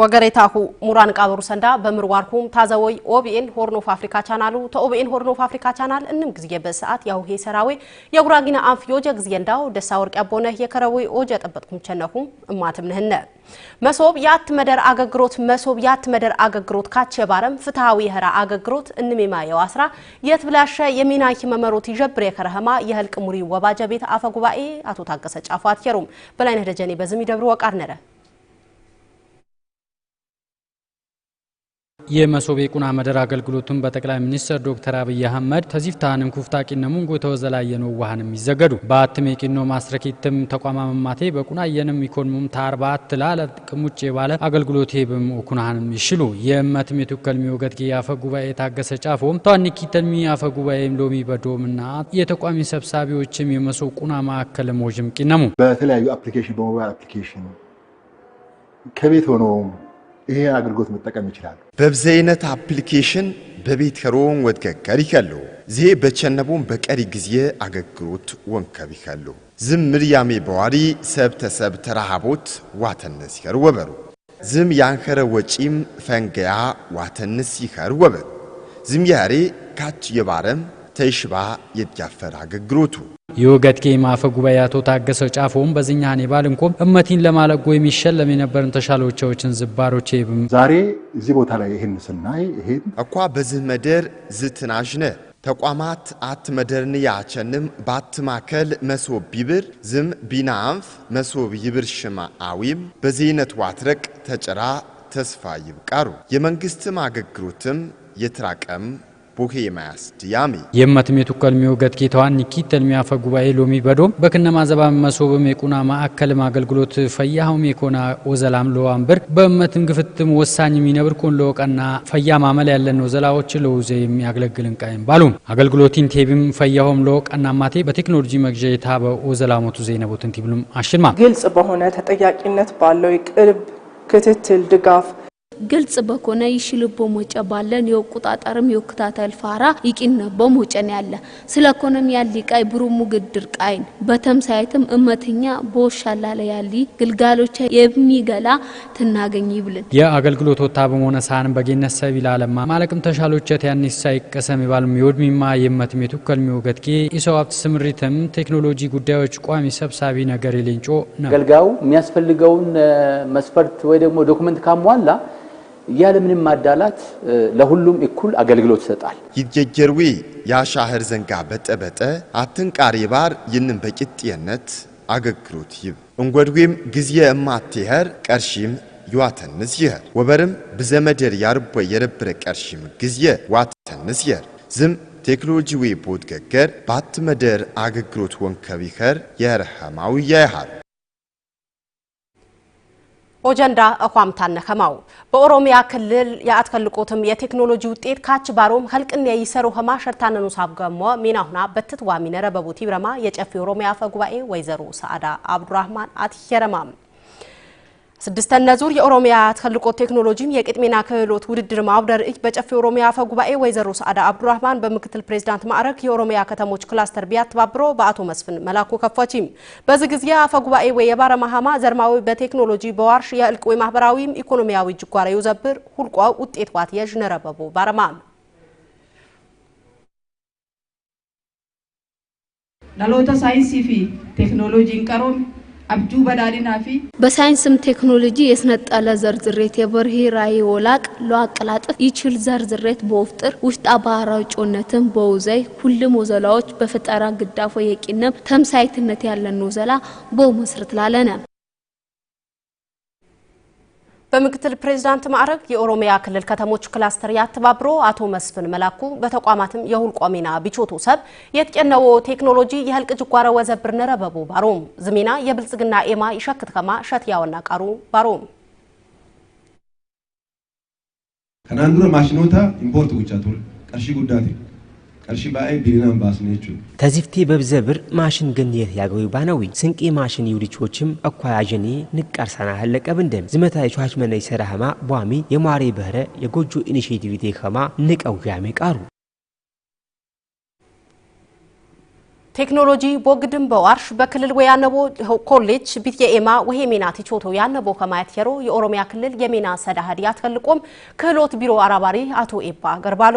ወገሬታሁ ሙራን ቃበሩ ሰንዳ በምርዋርኩም ታዘወይ ኦቢኤን ሆርኖፍ አፍሪካ ቻናሉ ተኦቢኤን ሆርኖፍ አፍሪካ ቻናል እንም ጊዜ በሰዓት ያውሄ ሰራዌ የጉራጊና አንፍ ዮጀ ጊዜ እንዳው ደሳ ወርቅ ያቦነ የከረዌ ኦጀ ጠበጥኩም ቸነኩም እማትም ነህነ መሶብ ያት መደር አገግሮት መሶብ ያት መደር አገግሮት ካቸ የባረም ፍትሃዊ የህራ አገግሮት እንሜማ የዋስራ የት ብላሸ የሚናኪ መመሮት ይጀብር የከረህማ የህልቅ ሙሪ ወባጀ ቤት አፈ ጉባኤ አቶ ታገሰ ጫፉ አትየሩም በላይነህ ደጀኔ በዝም ይደብሩ ወቃር ነረ የመሶቤ ቁና መደር አገልግሎቱን በጠቅላይ ሚኒስትር ዶክተር አብይ አህመድ ተዚፍታንም ኩፍታቂነ ሙንጎ ተወዘላየ ነው ዋህንም ይዘገዱ በአትም የቂኖ ማስረኪትም ተቋማ መማቴ በቁናየንም ኢኮኖሚም ታርባት ላለ ቅሙጭ የባለ አገልግሎቴ በም ኩናንም ይሽሉ የእመትም የቱከልሚ ወገት አፈ ጉባኤ ታገሰ ጫፎ ተዋኒኪተልሚ አፈ ጉባኤም ሎሚ በዶምና የተቋሚ ሰብሳቢዎችም የመሶ ቁና ማዕከል ሞጅም ቂነሙ በተለያዩ አፕሊኬሽን በሞባይል አፕሊኬሽን ከቤት ሆኖ ይሄ አገልግሎት መጠቀም ይችላሉ። በብዘይነት አፕሊኬሽን በቤት ከሮን ወድከከር ይከሉ ዜ በቸነቦን በቀሪ ጊዜ አገልግሎት ወንከብ ይከሉ ዝም ምርያሜ በዋሪ ሰብ ተሰብ ተራሃቦት ዋተነስ ይከር ወበሩ ዝም ያንከረ ወጪም ፈንገያ ዋተነስ ይከር ወበሩ ዝም ያሬ ካች የባረም ተይሽባ የትያፈር አገልግሎቱ የወገድ ኬማ አፈ ጉባኤ አቶ ታገሰ ጫፎም በዚህኛኔ ባልንቆም እመቲን ለማለጎ የሚሸለም የነበርን ተሻሎቻዎችን ዝባሮች ይብም ዛሬ እዚህ ቦታ ላይ ይህን ስናይ ይሄን እኳ በዚህ መደር ዝትናሽነ ተቋማት አት መደርን ያቸንም ባት ማከል መሶብ ቢብር ዝም ቢናንፍ መሶብ ይብር ሽማ አዊም በዚህነት ዋትረቅ ተጭራ ተስፋ ይብቃሩ የመንግስትም አገግሮትም የትራቀም የመትሜቱ ከልሚዮ ገትኬታዋን ኒኪት ተልሚያ ፈጉባኤ ሎሚ በዶም በክነማ ዘባ መሶብም የቁና ማዕከልም አገልግሎት ፈያሁም የኮና ወዘላም ለዋም ብር በእመትም ግፍትም ወሳኝ የሚነብር ኮን ለወቀና ፈያ ማመል ያለን ወዘላዎች ለውዜ የሚያገለግልን ቃይም ባሉም አገልግሎቲን ቴብም ፈያሁም ለወቀና ማቴ በቴክኖሎጂ መግዣ የታበ ወዘላሞቱ ዘይነቦትን ቲብሉም አሽልማ ግልጽ በሆነ ተጠያቂነት ባለው የቅርብ ክትትል ድጋፍ ግልጽ በኮነ ይሽልቦ ሞጨ ባለን የወቁጣጠርም የወክታተል ፋራ ይቂነ በሞጨን ያለ ስለ ኮነም ያሊ ቃይ ብሩሙ ግድር ቃይን በተምሳይትም እመትኛ በወሻላ ላይ ያሊ ግልጋሎቻ የሚገላ ትናገኝ ይብልን የአገልግሎት ወታ በመሆነ ሳህን በጌነት ሰብ ይላለማ ማለቅም ተሻሎቸት ያንሳ ይቀሰም ይባልም የወድሚማ የመትም የቱከልሚ ወገትጌ ኢሰዋብት ስምሪትም ቴክኖሎጂ ጉዳዮች ቋሚ ሰብሳቢ ነገር የሌንጮ ነው ገልጋው የሚያስፈልገውን መስፈርት ወይ ደግሞ ዶክመንት ካሟላ ምንም ማዳላት ለሁሉም እኩል አገልግሎት ይሰጣል። ይጀጀርዊ ያሻህር ዘንጋ በጠበጠ አትንቃሪ ባር ይንም በቂጤነት አገግሎት ይብ እንጐድጉም ጊዜ እማትሄር ቀርሺም ይዋተንስ ይኸር ወበርም ብዘመደር ያርቦ የረብረ ቀርሺም ጊዜ ዋተንስ ይኸር ዝም ቴክኖሎጂ ዌ ቦት ገገር ባትመደር መደር አገግሎት ወንከብ ይኸር የረኸማዊ ያይሃል ኦጀንዳ እኳም ከማው በኦሮሚያ ክልል የአትከልቆትም የቴክኖሎጂ ውጤት ካች ባሮም ህልቅን የይሰሩ ኸማ ሸርታነኑ ሳብገሞ ሚናሁና በትትዋሚ ነረበቡት ይብረማ የጨፌ ኦሮሚያ አፈ ጉባኤ ወይዘሮ ሰዓዳ አብዱራህማን አትሄረማም ስድስተኛ ዙር የኦሮሚያ ተልዕኮ ቴክኖሎጂም የቅጥሜና ክህሎት ውድድር ማውደር እጅ በጨፌ ኦሮሚያ አፈ ጉባኤ ወይዘሮ ሰዓዳ አብዱራህማን በምክትል ፕሬዚዳንት ማዕረግ የኦሮሚያ ከተሞች ክላስተር ቢያተባብሮ በአቶ መስፍን መላኩ ከፈቺም በዚህ ጊዜ አፈ ጉባኤ ወይ የባረ ማሃማ ዘርማዊ በቴክኖሎጂ በዋርሽ የእልቅ ወይ ማህበራዊም ኢኮኖሚያዊ ጅጓራ ይውዘብር ሁልቋ ውጤት ዋት የዥ ነረበቦ ባረማም ሳይንስ ሳይንሲፊ ቴክኖሎጂን ቀሮም አብዱ በዳዲናፊ በሳይንስም ቴክኖሎጂ የስነጠለ ዘርዝሬት የበርሂ ራይ ወላቅ ለአቀላጥፍ ይችል ዘርዝሬት በወፍጥር ውሽጣ ባህራዊ ጮነትም በውዘይ ሁልም ወዘላዎች በፈጠራ ግዳፎ የቂንም ተምሳይትነት ያለን ወዘላ በመስርት ላለነ በምክትል ፕሬዚዳንት ማዕረግ የኦሮሚያ ክልል ከተሞች ክላስተር ያተባብሮ አቶ መስፍን መላኩ በተቋማትም የሁልቆ ሚና ቢቾቱ ሰብ የትጨነዎ ቴክኖሎጂ የህልቅ ጅጓረ ወዘብር ነረበቡ ባሮም ዝሜና የብልጽግና ኤማ ይሸክት ከማ ሸት ቃሩ ባሮም ከናንዱረ ማሽኖታ ኢምፖርት ጉቻ ቱል ቀርሺ ጉዳቴ ተዚፍቲ በብዘብር ማሽን ገንየት ያገዊ ባነዊ ስንቄ ማሽን ይውልቾችም አኳያዥኔ ንቃርሳና ሀለቀብ እንደም ዝመታ የቻች መነ ይሰራ ቧሚ የሟሬ በህረ የጎጆ ኢኒሼቲቪቴ ኸማ ንቀው ያሜ ቃሩ ቴክኖሎጂ ቦግድም በዋርሽ በክልል ወያነቦ ኮሌጅ ወሄ ወሄሜና ቲቾቶ ያነቦ ከማየት የሮ የኦሮሚያ ክልል የሜና ሰዳሃድ ያትፈልቆም ክህሎት ቢሮ አራባሪ አቶ ኤባ ገርባሎ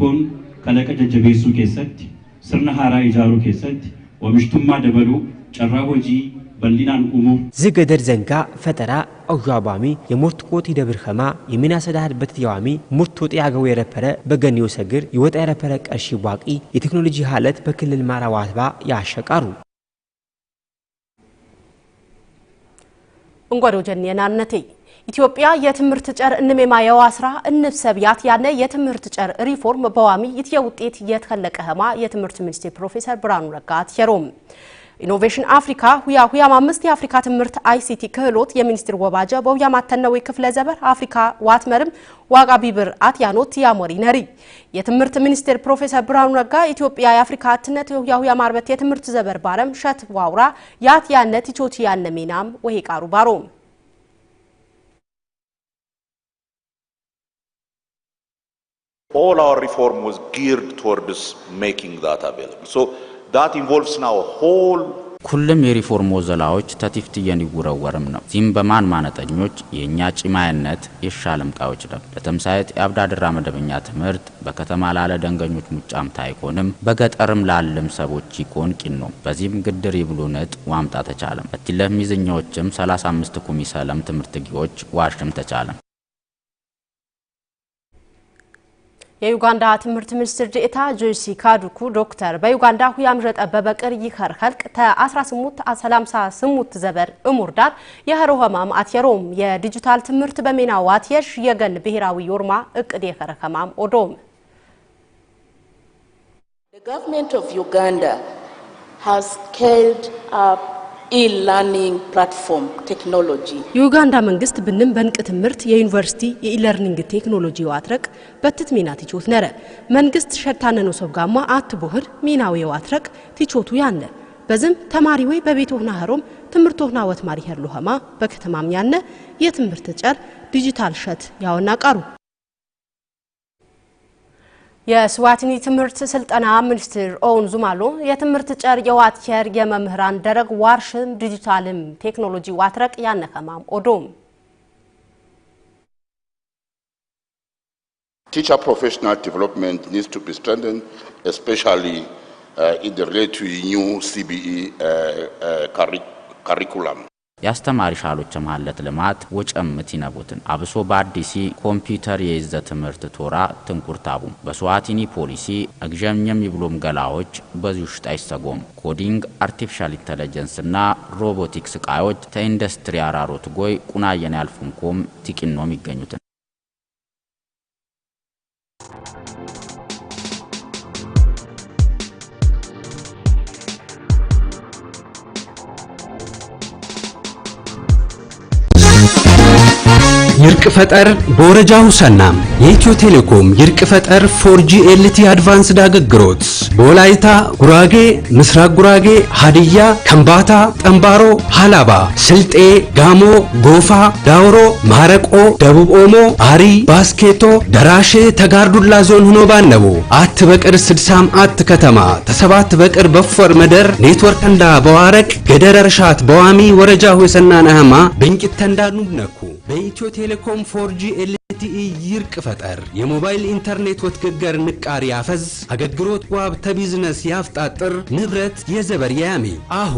kun kalaqa jajjabeessuu keessatti sirna haaraa ijaaruu keessatti oomishtummaa dabaluu carraa hojii bal'inaan uumuuf ዝገደድ ዘንጋ ፈጠራ አዋባሚ የሞርት ቆት ይደብርከማ የሚናሰዳ ህድበት ያዋሚ ሙርት ወጥ ያገው የረፐረ በገኒው ሰግር ይወጣ የረፐረ ቀርሺ ዋቂ የቴክኖሎጂ ሀለት በክልል ማራዋትባ ያሸቃሩ እንጓዶ ጀን የናነቴ ኢትዮጵያ የትምህርት ጨር እንሜማየዋ የዋስራ እንብሰብያት ያነ የትምህርት ጨር ሪፎርም በዋሚ ይትየ ውጤት የተከለቀ ኸማ የትምህርት ሚኒስቴር ፕሮፌሰር ብርሃኑ ነጋ ትሸሮም ኢኖቬሽን አፍሪካ ሁያ ሁያም አምስት የአፍሪካ ትምህርት አይሲቲ ክህሎት የሚኒስትር ወባጀ በሁያ ማተነዊ ክፍለ ዘበር አፍሪካ ዋትመርም ዋጋ ቢብር አትያኖት ያሞሪ ነሪ የትምህርት ሚኒስቴር ፕሮፌሰር ብርሃኑ ነጋ ኢትዮጵያ የአፍሪካ አትነት ሁያ ሁያ ማርበት የትምህርት ዘበር ባረም ሸት ዋውራ ያት ያነት ኢቾቲ ያነ ሚናም ወሄ ቃሩ ባሮም All our reform was geared towards making that available. So that involves now a whole ሁሉም የሪፎርም ወዘላዎች ተቲፍትየ እንዲወረወርም ነው። ዚም በማን ማነጠኞች የእኛ ጭማያነት የሻለም ቃዎች ነው። ለተምሳሌት የአብዳድራ መደበኛ ትምህርት በከተማ ላለ ደንገኞች ሙጫም ታይኮንም በገጠርም ላለም ሰቦች ይኮን ቂን ነው። በዚህም ግድር ይብሉነት ዋምጣ ተቻለም እቲለም ይዝኛዎችም 35 ኩሚሰለም ትምህርት ጊዎች ዋሽም ተቻለም የዩጋንዳ ትምህርት ሚኒስትር ዴኤታ ጆይሲ ካዱኩ ዶክተር በዩጋንዳ ሁያምዠጠ በበቅር ይከር ኸልቅ ተ1838 18 ዘበር እሙር ዳር የኸረኸማ ማአት የሮም የዲጂታል ትምህርት በሜና ዋትየሽ የሽ የገን ብሔራዊ ዮርማ እቅድ የኸረኸማም ኦዶም The government of Uganda has scaled up የኡጋንዳ መንግስት ብንም በንቅ ትምህርት የዩኒቨርሲቲ የኢለርኒንግ ቴክኖሎጂ የዋትረቅ በትት ሚና ቲቾት ነረ መንግስት ሸታነኖ ሰብ አት ቦህር ሚናው የዋትረቅ ቲቾቱ ያነ በዝም ተማሪ ወይ በቤት ሆና ኸሮም ትምህርት ሆና ወት ማሪ ኸሉ ኸማ በከተማም ያነ የትምህርት ጨር ዲጂታል ሸት ያወና ቃሩ የስዋቲኒ ትምህርት ስልጠና ሚኒስትር ኦውን ዙማሉ የትምህርት ጨር የዋት ቸር የመምህራን ደረግ ዋርሽም ዲጂታልም ቴክኖሎጂ ዋትረቅ ያነከማም ኦዶም Teacher professional development needs to be strengthened, especially uh, in the related to new CBE uh, uh, curriculum. የአስተማሪ ሻሎች ማለት ልማት ወጨምት ይነቡትን አብሶ በአዲሲ ኮምፒውተር የይዘ ትምህርት ቶራ ትንኩርታቡ በስዋቲኒ ፖሊሲ እግዠምኘም ይብሎም ገላዎች በዚሁ ሽጣ ይሰጎም ኮዲንግ አርቲፊሻል ኢንተለጀንስ ና ሮቦቲክስ እቃዮች ተኢንዱስትሪ አራሮት ጎይ ቁናየን ያልፉንኮም ቲቂኖም ይገኙትን ይርቅ ፈጠር በወረጃ ሁሰናም የኢትዮ ቴሌኮም ይርቅ ፈጠር ፎርጂ ኤልቲ አድቫንስድ አገልግሎት ቦላይታ፣ ጉራጌ፣ ምስራቅ ጉራጌ፣ ሀዲያ፣ ከምባታ፣ ጠምባሮ፣ ሀላባ፣ ስልጤ፣ ጋሞ፣ ጎፋ፣ ዳውሮ፣ ማረቆ፣ ደቡብ ኦሞ፣ አሪ፣ ባስኬቶ፣ ደራሼ፣ ተጋርዱላ ዞን ሆኖ ባነቡ አት በቅር ስድሳም አት ከተማ ተሰባት በቅር በፎር መደር ኔትወርክ እንዳ በዋረቅ ገደረ ርሻት በዋሚ ወረጃ ሁሰና ናህማ ብንቂት ተንዳኑ ነኩ በኢትዮ ቴሌኮም ፎርጂ ኤልቲኢ ይርቅ ፈጠር የሞባይል ኢንተርኔት ወትገገር ንቃር ያፈዝ አገልግሎት ዋብ ተቢዝነስ ያፍጣጥር ንብረት የዘበር ያሜ አሁ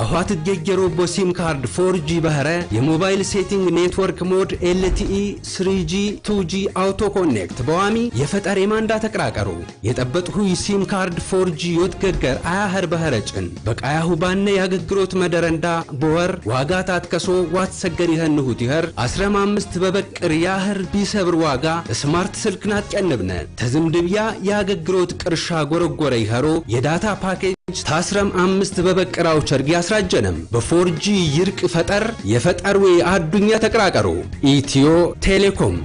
አትትጌጀሮ ቦሲም ካርድ ፎርጂ በህረ የሞባይል ሴቲንግ ኔትወርክ ሞድ ኤልቲኢ ስሪጂ ቱጂ አውቶ ኮኔክት በዋሚ የፈጠር የማንዳ ተቀራቀሩ የጠበጥሁ ሲም ካርድ ፎርጂ ዮትገገር አያህር በህረ ጭን በቃያሁ ባነ የአገግሮት መደረንዳ በወር ዋጋታት ከሶ ዋትሰገር ይኸንሁት ይኸር 15 በበቅር ያህር ቢሰብር ዋጋ ስማርት ስልክናት ጨንብነ ተዝምድብያ የአገግሮት ቅርሻ ጎረጎረ ይኸሮ የዳታ ፓኬጅ ታስረም አምስት በበቀራው ቸርጊ አስራጀነም በፎርጂ ይርቅ ፈጠር የፈጠርዌ አዱኛ ተቀራቀሩ ኢትዮ ቴሌኮም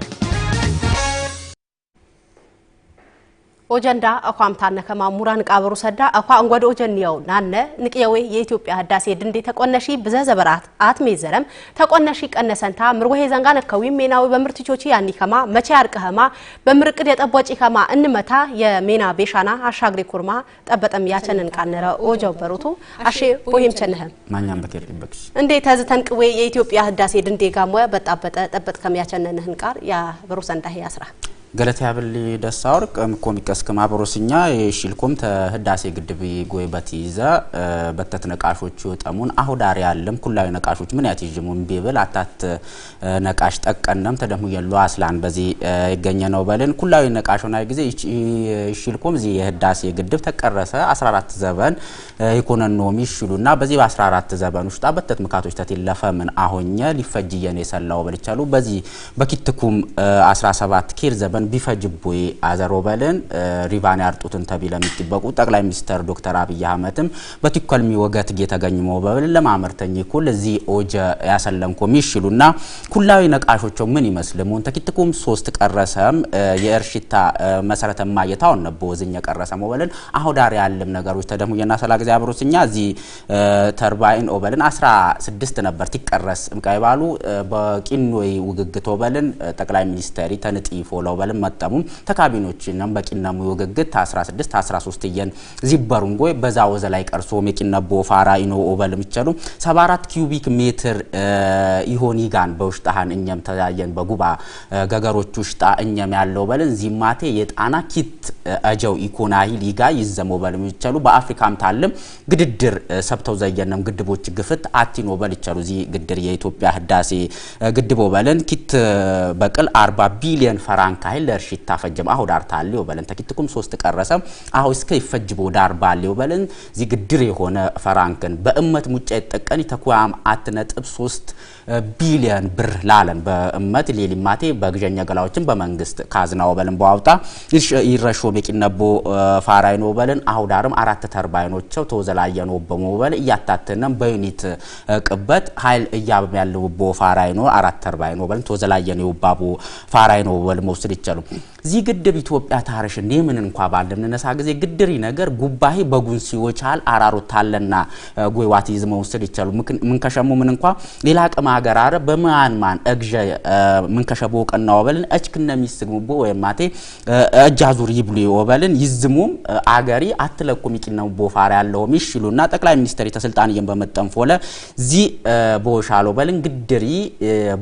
ኦጀንዳ አኳም ታነከማ ሙራን ቃበሩ ሰዳ አኳ እንጓድ ኦጀንያው ናነ ንቅየዌ የኢትዮጵያ ህዳሴ ድንዴ ተቆነሺ ብዘ ዘበራት አትሜ ዘረም ተቆነሺ ቀነሰንታ ምርወሄ ዘንጋ ነከዊ ሜናዊ በምርትቾቺ ያኒ ከማ መቼ ያርቀኸማ በምርቅድ የጠቦጪ ከማ እንመታ የሜና ቤሻና አሻግሪ ኩርማ ጠበጠም ያቸንን ቃነረ ኦጀው በሩቱ አሼ ቦሄም ቸነህም ማኛም በከልክበክሽ እንዴ ተዝ ተንቅዌ የኢትዮጵያ ህዳሴ ድንዴ ጋሞ በጣበጠ ጠበጥ ከም ያቸነንህን ቃር ያ በሩ ሰንዳ ያስራ ገለቴ ያብል ደሳ ወርቅ ምኮም ይቀስክም የሺልኮም ተህዳሴ ግድብ ጎይበት ይዘ በተት ነቃሾች ጠሙን አሁዳሪ ያለም ኩላዊ ነቃሾች ምን ያትይጅሙን ቢብል አታት ነቃሽ ጠቀነም ተደሙ የሉ አስላን በዚህ ይገኘ ነው በልን ኩላዊ ነቃሽ ሆና ጊዜ ሺልኮም እዚህ የህዳሴ ግድብ ተቀረሰ 14 ዘበን ኢኮኖሚ ይሽሉና በዚህ በ14 ዘበን ውስጥ በተት ምካቶች ተትለፈ ምን አሆኘ ሊፈጅየን የሰላው በልቻሉ በዚህ በኪትኩም 17 ኪር ዘበን ቢፈጅቡይ አዘሮበልን ሪቫን ያርጡትን ተቢለ የሚጥበቁ ጠቅላይ ሚኒስተር ዶክተር አብይ አህመትም በቲኮልሚ ወገት ጌተገኝ መበብልን ለማመርተኝ ኩል እዚ ኦጀ ያሰለንኮ ሚሽሉና ኩላዊ ነቃሾቸው ምን ይመስል ሞንተኪትኩም ሶስት ቀረሰም የእርሽታ መሰረተ ማየታውን ነቦ ዝኝ የቀረሰ ሞበልን አሁ ዳር ያለም ነገሮች ተደሙ የናሰላ ጊዜ አብሮስኛ እዚ ተርባይን ኦበልን 16 ነበር ቲቀረስ ምቃይባሉ በቂኖይ ውግግት ኦበልን ጠቅላይ ሚኒስተሪ ተንጢፎ ለኦበልን ጀበልም መጠሙም ተካቢኖች ነም በቂነሙ ይወገግት 16 13 እየን ዚበሩንጎ በዛ ወዘ ላይ ቀርሶ ሜቂነቦ ፋራ ኢኖ ኦበል ምቸሉ 74 ኪዩቢክ ሜትር ይሆን ይጋን በውሽጣሃን እኛም ተያየን በጉባ ገገሮች ውሽጣ እኛም ያለው በልን ዚማቴ የጣና ኪት አጀው ኢኮናሂል ሊጋ ይዘሞ በል ምቸሉ በአፍሪካም ታልም ግድድር ሰብተው ዘየነም ግድቦች ግፍት አቲኖ በል ይቸሉ ዚ ግድር የኢትዮጵያ ህዳሴ ግድቦ በልን ኪት በቅል 40 ቢሊዮን ፈራንካ ዳሂ ለርሺታ ፈጀም አሁ ዳርታሊው በለን ተኪትኩም ሶስት ቀረሰ አሁ እስከ ይፈጅቦ ዳር ባሊው በለን ዚ ግድር የሆነ ፈራንክን በእመት ሙጫ ይጠቀን ተኩያም አት ነጥብ ሶስት ቢሊዮን ብር ላለን በእመት ሌሊማቴ በግዠኛ ገላዎችን በመንግስት ካዝናው በለን በዋውጣ ይረሾ ሜቂነቦ ፋራይኖ በለን አሁ ዳርም አራት ተርባይኖቸው ነው በሞበል እያታተነም በዩኒት ቅበት ኃይል እያብ ያለው ቦ ፋራይኖ አራት ተርባይኖ በለን ተወዘላየ ነው ባቦ ፋራይኖ በል መውሰድ escucharon. እዚህ ግድብ ኢትዮጵያ ታርሽ እንዴ ምን እንኳ ባለም ነሳ ጊዜ ግድሪ ነገር ጉባኤ በጉን ሲወቻል አራሮት ታለና ጎይዋት ይዝመ ውስድ ይቻሉ ምን ከሸሙ ምን እንኳ ሌላ ቅም ሀገር አረ በማንማን እግዠ ምን ከሸቦ ቀናው ወበልን እችክ ክነም ይስግሙ ቦ ወይ ማቴ እጃዙር ይብሉ ወበልን ይዝሙም አገሪ አትለኩም ይቅነው ቦፋር ያለው ይሽሉና ጠቅላይ ሚኒስትር የተስልጣን ይም በመጠን ፎለ ዚ ቦሻሎ በልን ግድሪ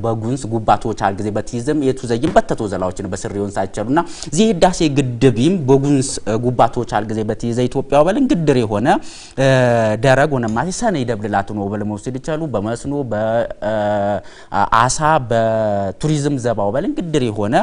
በጉንስ ጉባቶቻል ጊዜ በትይዝም የቱ ዘይም በተቶ ዘላዎችን በስሪውን ሳይቸሉ እና እዚህ ህዳሴ ግድቢም በጉንስ ጉባቶች አልጊዜ በቲ ዘኢትዮጵያ በልን ግድር የሆነ ደረግ ሆነ ማሲ ሰነ ይደብልላት ነው ወበል መውሰድ ይቻሉ በመስኖ በአሳ በቱሪዝም ዘባው በልን ግድር የሆነ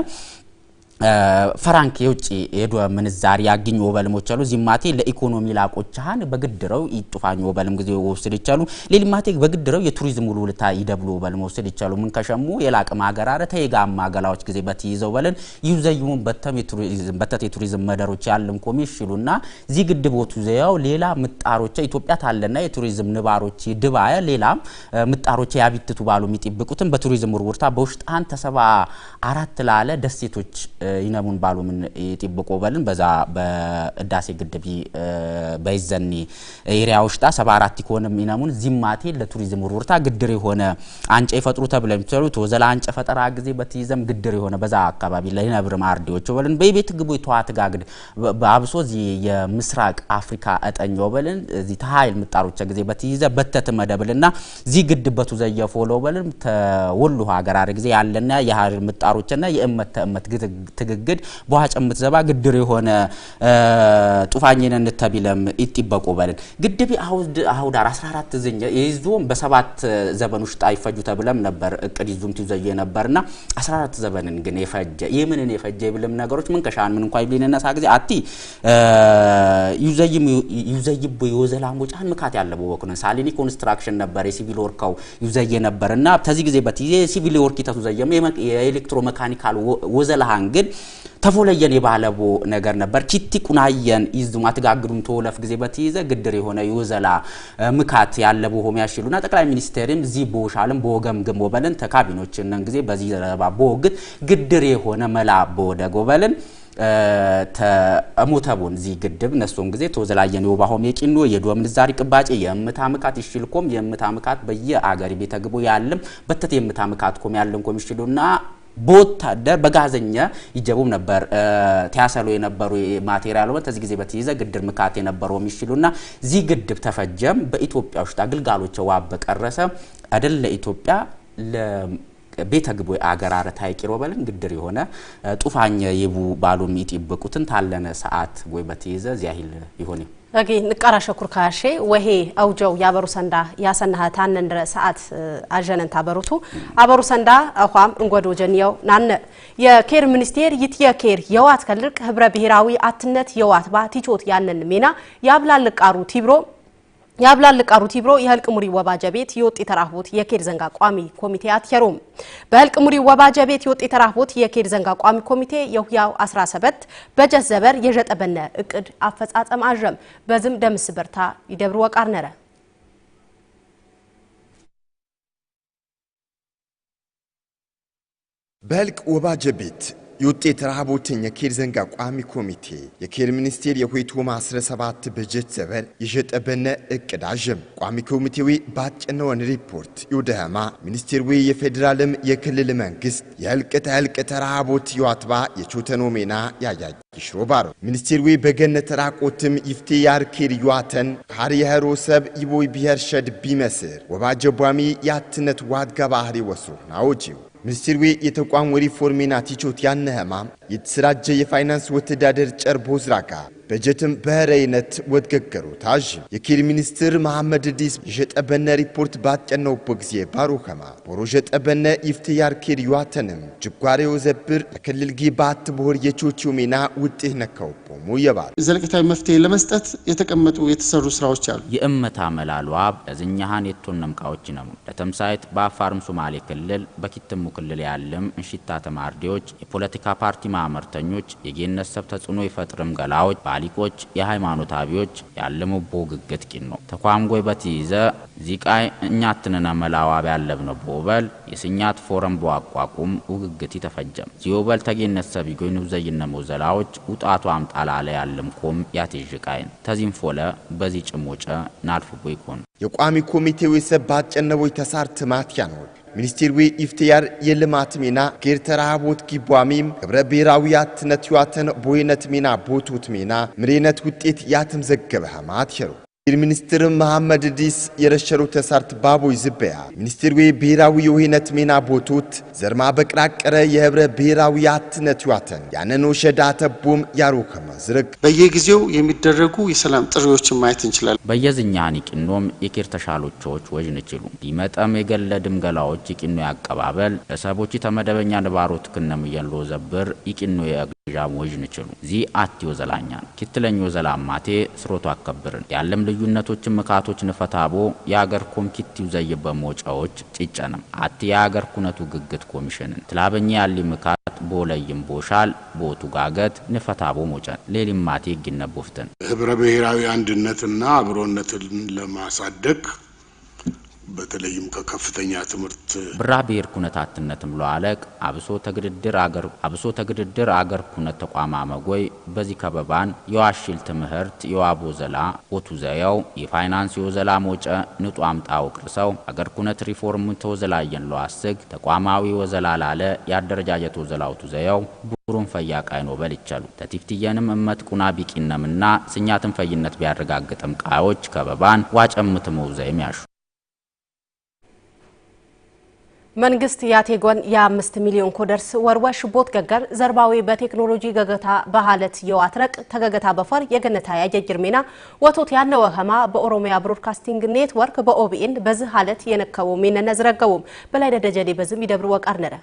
ፈራንክ የውጭ የዶ ምንዛሪ ያግኙ ወበልሞች አሉ ዚማቴ ለኢኮኖሚ ላቆቻን በግድረው ይጥፋኝ ወበልም ጊዜ ወስድ ይቻሉ ለሊማቴ በግድረው የቱሪዝም ሙሉ ይደብሉ ወበልም ወስድ ይቻሉ ምን ከሸሙ የላቅ ማገራረ ተይጋማ ገላዎች ጊዜ በትይዘው በለን ይዘዩም በተም የቱሪዝም በተት የቱሪዝም መደሮች ያለም ኮሚሽኑና ዚ ግድቦቱ ዘያው ሌላ ምጣሮች ኢትዮጵያ ታለና የቱሪዝም ንባሮች ድባያ ሌላ ምጣሮች ያቢትቱ ባሉ የሚጠብቁትን በቱሪዝም ውርውርታ በውሽጣን ተሰባ አራት ላለ ደሴቶች ይነሙን ባሉምን ይጥብቆ በልን በዛ በእዳሴ ግድብ በይዘኒ ኤሪያ ውሽጣ 74 ኮንም ይነሙን ዚማቴ ለቱሪዝም ሩርታ ግድር የሆነ አንጨ ይፈጥሩ ተብለ የሚሰሩ ተወዘላ አንጨ ፈጠራ ጊዜ በትይዘም ግድር የሆነ በዛ አካባቢ ለይነብር ማርዲዎች በልን በይቤት ግቡ ተዋት ጋግድ በአብሶ ዚ የምስራቅ አፍሪካ እጠኝ በልን ዚ ተሃይል ምጣሮች ጊዜ በትይዘ በተተ መደብልና ዚ ግድበቱ ዘየፎሎ በልን ተወሉ ሀገራሪ ጊዜ ያለና የሀር ምጣሮችና የእመት ተእመት ትግግድ በውሃ ጨምት ዘባ ግድር የሆነ ጡፋኝን እንተቢለም ይጥበቁ በልን ግድቢ አሁዳር 14 ዝኛ የይዞም በሰባት ዘበን ውስጥ አይፈጁ ተብለም ነበር እቅድ ይዙም ትዘየ ነበርና 14 ዘበንን ግን የፈጀ ይህ ምንን የፈጀ ይብልም ነገሮች ምን ከሻን ምን እንኳን ይብልን ነሳ ጊዜ አቲ ዩዘይም ዩዘይብ ወዘላምቦ ጫን ምካት ያለበው በወኩነ ሳሊኒ ኮንስትራክሽን ነበር የሲቪል ወርከው ዩዘየ ነበርና ተዚህ ጊዜ በትዬ ሲቪል ወርክ ይተሱ ዘየም የኤሌክትሮ መካኒካል ወዘላሃን ግን ግን ተፎለየን የባለቦ ነገር ነበር ቺቲ ቁናየን ይዙ ማትጋግሩን ተወለፍ ጊዜ በትይዘ ግድር የሆነ የወዘላ ምካት ያለቦ ሆም ያሽሉና ጠቅላይ ሚኒስቴርም ዚ ቦሻልም ቦገም ግም ወበልን ተካቢኖችን ነን ጊዜ በዚህ ዘረባ ቦግት ግድር የሆነ መላ በወደ ጎበልን ተሞተቡን ዚ ግድብ ነሶም ጊዜ ተወዘላየን የወባ የቂኖ የዱወ ምንዛሪ ቅባጭ የምታ ምካት ይሽልኮም የምታ ምካት በየ አገሪ ቤተግቦ ያለም በተት የምታ ምካት ኮም ያለን ኮም ይሽሉና በወታደር በጋዘኛ ይጀቡም ነበር ቲያሰሉ የነበሩ ማቴሪያል ወጥ እዚህ ጊዜ በተይዘ ግድር ምካት የነበረው የሚችሉና እዚህ ግድብ ተፈጀም በኢትዮጵያ ውስጥ አገልጋሎች ዋ ቀረሰ አደል ለኢትዮጵያ ቤተ ግቦ አገራረ ታይቂሮ በልን ግድር የሆነ ጡፋኛ ይቡ ባሉ ሚጥ ይጥብቁትን ታለነ ሰዓት ወይ በተይዘ ዚያሂል ይሆን ኦኬ ንቃራ ሸኩር ካሼ ወሄ አውጀው ያበሩ ሰንዳ ያሰናሃ ታነን ድረ ሰዓት አጀነን ታበሩቱ አበሩ ሰንዳ አኳም እንጎዶ ጀንየው ናነ የኬር ሚኒስቴር ይትየ ኬር የዋት ከልርቅ ህብረ ብሔራዊ አትነት የዋት ባ ቲቾት ያነን ሜና ያብላል ቃሩ ቲብሮ ያብላልቃሩ ቲብሮ የህልቅ ሙሪ ወባጀ ቤት የወጥ ተራህቦት የኬድ ዘንጋ ቋሚ ኮሚቴ አትየሮም በህልቅ ሙሪ ወባጀ ቤት የወጥ ተራህቦት የኬድ ዘንጋ ቋሚ ኮሚቴ የሁያው 17 በጀት ዘበር የዠጠበነ እቅድ አፈጻጸም አጀም በዝም ደምስ በርታ ይደብር ወቃር ነረ በህልቅ ወባጀ ቤት የውጤት ረሃቦትን የኬር ዘንጋ ቋሚ ኮሚቴ የኬር ሚኒስቴር የሆይቶ ማ17 በጀት ዘበር የሸጠበነ እቅዳዥም ቋሚ ኮሚቴዊ ባጨነወን ሪፖርት ዩደህማ ሚኒስቴር ዌ የፌዴራልም የክልል መንግስት የህልቅተ ህልቅተ ረሃቦት የዋትባ የቾተኖሜና ያያጅ ይሽሮባር ሚኒስቴር ዌ በገነት ራቆትም ይፍቴ ያር ዩዋተን ካር የኸሮ ሰብ ይቦይ ብሔር ሸድ ቢመስር ወባጀቧሚ ያትነት ዋድጋ ባህሪ ወስሮና ወጂው ምስጢር ዌ የተቋሙ ሪፎርሜና ቲቾት ያነኸማ የተሰራጀ የፋይናንስ ወተዳደር ጨርቦ ዝራጋ በጀትም በረይነት ወትገገሩ ታዥ የኪል ሚኒስትር መሐመድ ዲስ የሸጠበነ ሪፖርት ባትጨነውቦ ጊዜ ባሩኸማ ቦሮ ሸጠበነ ይፍትያር ኪር ዩዋተንም ጅጓሬው ዘብር ለክልል ጊ ባት ብሆር የቾቹ ሚና ውጤት ነካው ቦሙ የባል ዘለቄታዊ መፍትሄ ለመስጠት የተቀመጡ የተሰሩ ስራዎች አሉ። የእመታ መላሏ ለዝኛሃን የቶንም ቃዎች ነው ለተምሳይት በአፋርም ሶማሌ ክልል በኪትሙ ክልል ያለም እንሽታ ተማርዴዎች የፖለቲካ ፓርቲ ማመርተኞች የጌነሰብ ሰብ ተጽዕኖ ይፈጥርም ገላዎች ሊቆች፣ የሃይማኖት አቢዎች ያለምቦ ግግት ቂን ነው ተኳምጎይ በትይዘ ዚቃይ እኛትንነ መላዋ ቢያለብነ ቦበል የስኛት ፎረም በአቋቁም ውግግት ተፈጀም ዚዮበል ተጌነት ሰቢጎይ ንብዘይነ መውዘላዎች ውጣቱ አምጣላለ ያለምኮም ያትዥቃይን ተዚንፎለ በዚህ ጭሞጨ ናልፍቦ ይኮን የቋሚ ኮሚቴው የሰባት ጨነቦይ ተሳር ትማትያ ነው ሚኒስቴር ዌ ኢፍትያር የልማት ሜና ጌርተራ ቦት ጊቧሜም ህብረ ብሔራዊ ያትነት ህዋተን ቦይነት ሜና ቦቶት ሜና ምሬነት ውጤት ያትም ዘገበ ሀማት ሸሩ ሚኒስትር መሐመድ ዲስ የረሸሩ ተሳርት ባቦይ ዝበያ ሚኒስትር ዌ ብሔራዊ የውህነት ሜና ቦቱት ዘርማ በቅራቀረ የህብረ ብሔራዊ አትነት ያተን ያነኖ ሸዳ ተቦም ያሮ ከመዝርግ በየጊዜው የሚደረጉ የሰላም ጥሪዎችን ማየት እንችላለን። በየዝኛ ኒቅኖም የኬር ተሻሎቾች ወዥን ችሉ ሊመጠም የገለ ድምገላዎች ይቅኖ ያቀባበል ለሰቦች ተመደበኛ ንባሮት ክነም የሎ ዘብር ይቅኖ ዣቦዥ ንችሉ ዚ አትዮ ዘላኛን ኪትለኞ ዘላማቴ ስሮቱ አከብርን ያለም ልዩነቶችን ምካቶች ንፈታቦ የአገር ኮም ኪትዩ ዘይ በሞጫዎች ጭጨንም አት የአገር ኩነቱ ግግት ኮሚሽንን ትላበኛ ያሊ ምካት ቦለይም ቦሻል ቦቱ ጋገት ንፈታቦ ሞጨን ሌሊማቴ ይግነቦፍትን ህብረ ብሔራዊ አንድነትና አብሮነትን ለማሳደግ በተለይም ከከፍተኛ ትምህርት ብራ ብሔር ኩነት አትነትም ለዋለቅ አብሶ ተግድድር አገር አብሶ ተግድድር አገር ኩነት ተቋማ መጎይ በዚህ ከበባን የዋሽል ትምህርት የዋቦ ዘላ ቦቱ ዘያው የፋይናንስ የወዘላ ሞጨ ንጡ አምጣ ወቅርሰው አገር ኩነት ሪፎርም ተወዘላየን አስግ ተቋማዊ ወዘላ ላለ የአደረጃጀት ወዘላውቱ ዘያው ቡሩን ፈያ ቃይኖ በል ይቸሉ ተቲፍትየንም እመት ቁና ቢቂነምና ስኛትን ፈይነት ቢያረጋግጥም ቃዮች ከበባን ዋጨምት መውዘይም ያሹ መንግስት ያቴጎን የአምስት ሚሊዮን ኮደርስ ወርወሽ ቦት ገገር ዘርባዊ በቴክኖሎጂ ገገታ በሃለት የዋትረቅ ተገገታ በፈር የገነታ ያጀጅር ሜና ወቶት ያነ ኸማ በኦሮሚያ ብሮድካስቲንግ ኔትወርክ በኦቢኤን በዚህ ሀለት የነከቡ ሜነነ ዝረገቡም በላይ ደደጀሌ በዝም ይደብር ወቃር ነረ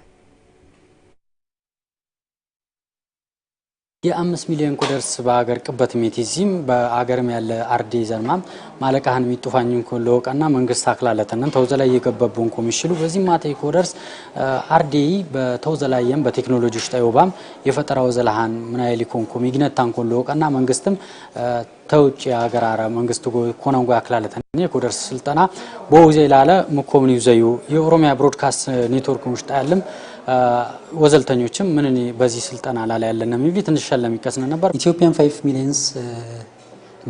የአምስት ሚሊዮን ኮደርስ በአገር ቅበት ሜቲዚም በአገርም ያለ አርዴ ዘርማም ማለቃህን የሚጡፋኝን ለወቀና መንግስት አክላለትንን አክላለተንን ተውዘላይ የገበቡን ኮሚሽሉ በዚህ ማቴ ኮደርስ በተውዘ ላይም በቴክኖሎጂ ውሽጣ የወባም የፈጠራው ዘለሃን ምናይሊኮን ኮሚግነት ታንኮን ለወቀና መንግስትም ተውጭ የአገራረ መንግስት ኮነንጎ ያክላለ ያክላለተኒ የኮደርስ ስልጠና በውዜ ላለ ምኮምን ይዘዩ የኦሮሚያ ብሮድካስት ኔትወርክ ውሽጣ ያለም ወዘልተኞችም ምን በዚህ ስልጠና ላለ ያለን የሚቪ ትንሽ ሸለም ይቀስነ ነበር ኢትዮጵያን ፋይቭ ሚሊየንስ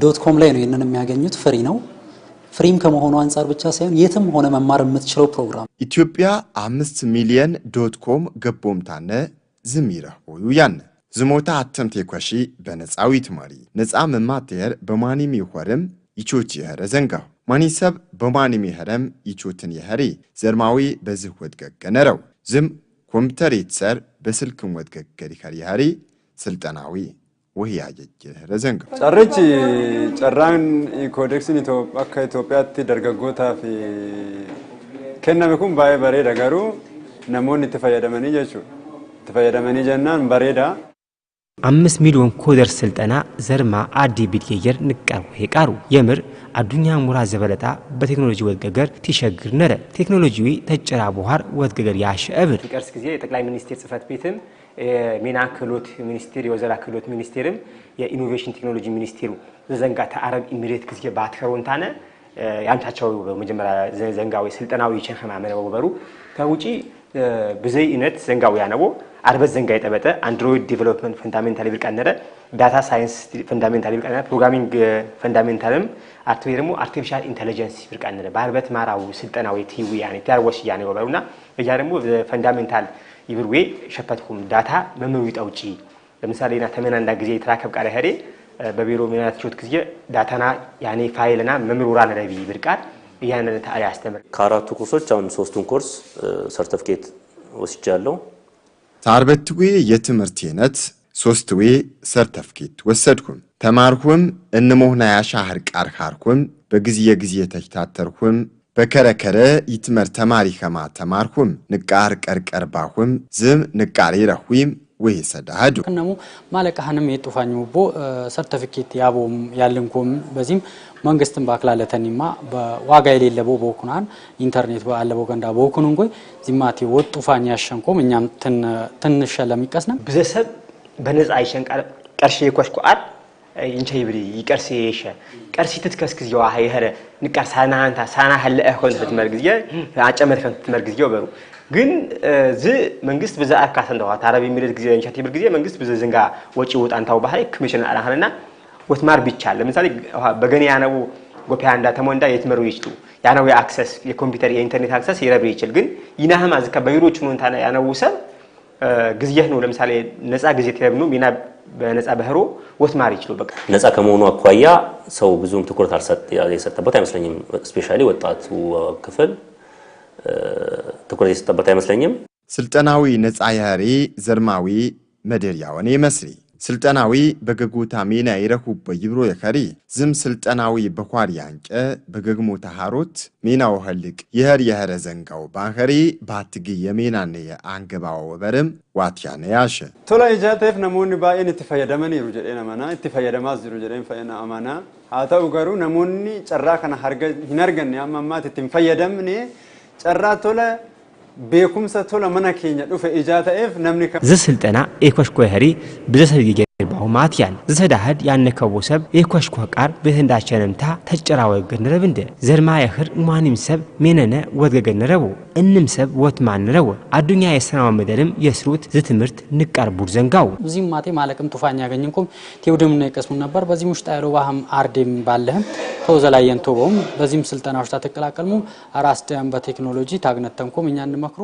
ዶት ኮም ላይ ነው ይህንን የሚያገኙት ፍሪ ነው። ፍሪም ከመሆኑ አንጻር ብቻ ሳይሆን የትም ሆነ መማር የምትችለው ፕሮግራም ኢትዮጵያ አምስት ሚሊየን ዶት ኮም ገቦምታነ ዝሚረ ሆዩ ያነ ዝሞታ አተምቴ ኳሺ በነፃዊት ማሪ ነፃ መማትየር በማኒም ይኸርም ይቾች የኸረ ዘንጋሁ ማኒ ሰብ በማኒም ይኸረም ይቾትን የኸሪ ዘርማዊ በዝህ ወድገገነረው ዝም ኮምፒተር የተሰር በስልክም ወድገገድ ይኸሪ የኸሪ ስልጠናዊ ውህ ያጀጅ የኸረ ዘንጋሁ ጨርች ጨራን ኮዴክስን አከ ኢትዮጵያት ደርገጎታፍ ከነመኩም ባይ በሬ ደገሩ ነሞን እትፈየደመኒ ጀቹ እትፈየደመኒ ጀናን በሬዳ አምስት ሚሊዮን ኮደር ስልጠና ዘርማ አዲ ቢድየየር ንቃው ሄቃሩ የምር አዱኛ ሙራ ዘበለጣ በቴክኖሎጂ ወትገገር ቲሸግር ነረ ቴክኖሎጂዊ ተጭራ በኋር ወትገገር እብር ቀርስ ጊዜ የጠቅላይ ሚኒስቴር ጽህፈት ቤትም የሜና ክህሎት ሚኒስቴር የወዘራ ክህሎት ሚኒስቴርም የኢኖቬሽን ቴክኖሎጂ ሚኒስቴሩ ዘዘንጋ ተአረብ ኢሚሬት ጊዜ ባትከሮንታነ ያምታቸው መጀመሪያ ዘንጋዊ ስልጠናዊ ቸኸማመነበሩ ከውጪ ብዘይ እነት ዘንጋዊ ያነቦ አርበት ዘንጋ የጠበጠ አንድሮይድ ዲቨሎፕመንት ፈንዳሜንታል ይብል ቢልቀነረ ዳታ ሳይንስ ፈንዳሜንታል ይብል ቢልቀነረ ፕሮግራሚንግ ፈንዳሜንታልም አርት ደግሞ አርቲፊሻል ኢንተለጀንስ ቢልቀነረ በአርበት ማራው ስልጠናው የቲዊ ያኔ ታር ወሽ ያኔ ወበሩና እያ ደግሞ ፈንዳሜንታል ይብል ወይ ሸፈትኩም ዳታ መምሩ ይጠውጪ ለምሳሌ ና ተመና እንዳ ጊዜ የተራከብ ቃለ ሄዴ በቢሮ ሚናችሁት ጊዜ ዳታና ያኔ ፋይልና መምሩ መምሩራ ነረቢ ቃል እያነ ያስተምር ከአራቱ ኮርሶች አሁን ሶስቱን ኮርስ ሰርተፍኬት ወስጃለሁ። ሳርበትዌ የትምህርት ይነት ሶስትዌ ሰርተፍኬት ወሰድኩም ተማርኩም እንሞህና ያሻህር ካርኩም በጊዜ ጊዜ ተሽታተርኩም በከረከረ ይትመር ተማሪ ከማ ተማርኩም ንቃር ቀርቀር ዝም ንቃር ይረኹም ወይሰዳዱ ከነሙ ማለቃህንም የጡፋኝ ቦ ሰርተፊኬት ያቦም ያልንኩም በዚህም መንግስትን ባክላለተኒማ በዋጋ የሌለ ቦ በኩናን ኢንተርኔት አለቦ ገንዳ በኩኑን ጎይ ዚማቴ ወጥ ጡፋኝ ያሸንኮም እኛም ትንሸለም ይቀስነ ብዘሰብ በነፃ ይሸንቃል ቀርሽ የኮሽኳል እንቸይ ብሪ ይቀርሲ የሸ ቀርሲ ትትከስክዝ የዋ ይሄረ ንቃር ሳናንታ ሳና ሀለ ሆነ ትመርግዝ አጨመር ከን ትመርግዝ በሩ ግን እዚ መንግስት ብዛ ኣካት እንደዋ ታረብ የሚደት ግዜ እንሻት ይብል ግዜ መንግስት ብዚ ዝንጋ ወጪ ውጣንታዊ ባህሪ ክምሽን ኣላኸንና ወትማር ብቻ ለምሳሌ በገን ያነቡ ጎፒያ እንዳ ተሞንዳ የትመሩ ይችሉ ያነው ኣክሰስ የኮምፒተር የኢንተርኔት ኣክሰስ ይረብር ይችል ግን ይናህማ ዝካ አዝካ ኑ እንታ ያነቡ ሰብ ግዜህ ነው ለምሳሌ ነፃ ግዜ ትረብኑ ሚና በነፃ ባህሮ ወትማር ይችሉ በ ነፃ ከመሆኑ አኳያ ሰው ብዙም ትኩረት የሰጠበት አይመስለኝም። ስፔሻ ወጣቱ ክፍል ትኩረት የሰጠበት አይመስለኝም። ስልጠናዊ ነፃ ያሪ ዘርማዊ መደርያ ወኔ ስልጠናዊ በገጎታ ሜና ይረኩበ ይብሮ የከሪ ዝም ስልጠናዊ በኳር ያንጨ በገግሞታ ተሃሮት ሜና ወኸልቅ የኸር የኸረ ዘንጋው ባንኸሪ ባትግ የሜናነ የአንገባዋ ወበርም ዋትያነ ያሸ ቶላ ጃቴፍ ነሞኒ ባኤን እትፈየደመን ይሩ ጀዴን አማና እትፈየደማዝ ይሩ ጀዴን ፈየና አማና ሀተኡ ገሩ ነሞኒ ጨራ ከነ ሂነርገን ያማማት እትንፈየደምኔ carraa tola beekumsa tola mana keenya dhufe ijaa ta'eef namni kam. Zi silxanaa eekwashkoo harii bisa sabigee በርባው ማትያን ዝሰዳህድ ያነከቦ ሰብ የኮሽኮ ቃር ብህንዳቸንምታ ተጨራወ ገነረብ እንደ ዘርማ ያህር ሟንም ሰብ ሜነነ ወድገገነረቡ እንም ሰብ ወትማንረው አዱኛ የሰናው መደልም የስሩት ዝትምህርት ንቀርቡር ዘንጋው እዚህም ማቴ ማለቅም ጡፋን ያገኘንኩም ቴውደም ነው የቀስሙ ነበር በዚህ ውሽጥ ያሉ ባህም አርዴም ባለህም ተወዘላየን ቶበውም በዚህም ስልጠናዎች ታተቀላቀልሙ አራስ ደም በቴክኖሎጂ ታግነተንኩም እኛ እንመክሩ